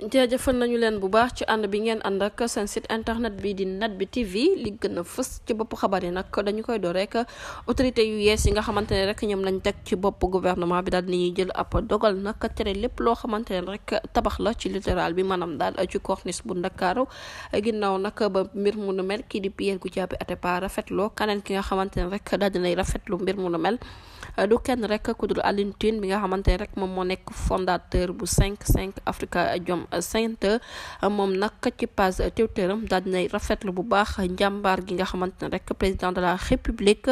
jërëjëfal nañu leen bu baax ci ànd bi ngeen ànd ak seen site internet bi di net bi TV li gën a fës ci bopp xabar yi nag dañu koy door rek autorité yu yees yi nga xamante ne rek ñoom ci bi daal dinañuy jël ab dogal nag tere lépp loo xamante ne rek tabax la ci littoral bi maanaam daal ci corniche bu Ndakaaru ginnaaw nag ba mbir mu nu mel kii di Pierre Goudiaby Atepa rafetloo kaneen ki nga xamante ne rek daal dinay rafetlu mbir mu nu mel du kenn rek ku dul Alioune bi nga xamante ne rek moom moo nekk fondateur bu 5-5 Afrikajom Sainte moom nag ci page Twitteram daal dinay rafetlu bu baax njàmbaar gi nga xamante ne rek président de la république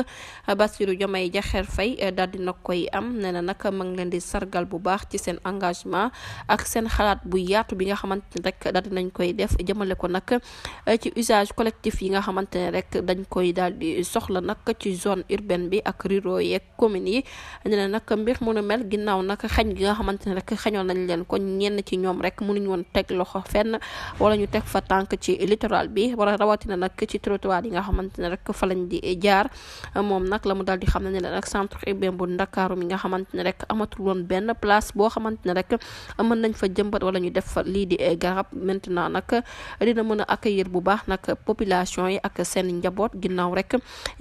Bassirou Diomaye Diakhar Faye daal dina koy am nee na nag ma ngi leen di sargal bu baax ci seen engagement ak seen xalaat bu yaatu bi nga xamante ne rek daal dinañ koy def jëmale ko nag ci usage collectif yi nga xamante ne rek dañ koy daal di soxla nag ci zone urbaine bi ak ruro yeeg communes yi nee na nag mbir mënu mel ginnaaw nag xañ gi nga xamante ne rek xañoon nañ leen ko ñenn ci ñoom rek mënuñ duñ woon teg loxo fenn wala ñu teg fa tànk ci littoral bi wala rawatina nag ci trottoir yi nga xamante ne rek fa lañ di jaar moom nag la mu daal di xam ne ne nag centre urbain bu Ndakaaru mi nga xamante ne rek amatul woon benn place boo xamante ne rek mën nañ fa jëmbat wala ñu def fa lii di garab maintenant nag dina mën a accueillir bu baax nag population yi ak seen njaboot ginnaaw rek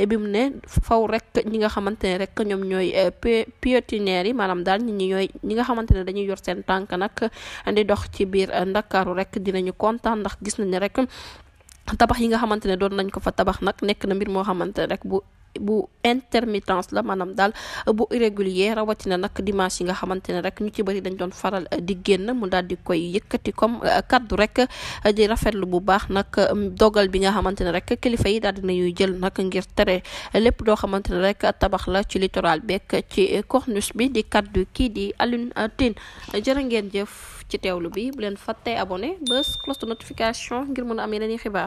bi mu ne faw rek ñi nga xamante ne rek ñoom ñooy eh, piétinaires yi maanaam daal ñi ñooy ñi yor seen tànk nag di dox ci biir eh, ndakaaru rek dina ñu kontaan ndax gis nañ ne rek tabax yi nga xamante ne doon nañ ko fa tabax nag nekk na mbir moo xamante ne rek bu bu intermittence la maanaam daal bu irrégulier rawatina nag dimanche yi nga xamante ne rek ñu ci bëri dañ doon faral eh, di génn mu daal di koy yëkkati comme eh, kaddu rek di rafetlu bu baax nag dogal bi nga xamante ne rek kilifa yi daal dinañuy jël nag ngir tere lépp doo xamante ne rek tabax la ci littoral beeg ci corniche ci teewlu bi bu leen fàttee abonné bés cloche de notification ngir mën a am yeneen xibaar.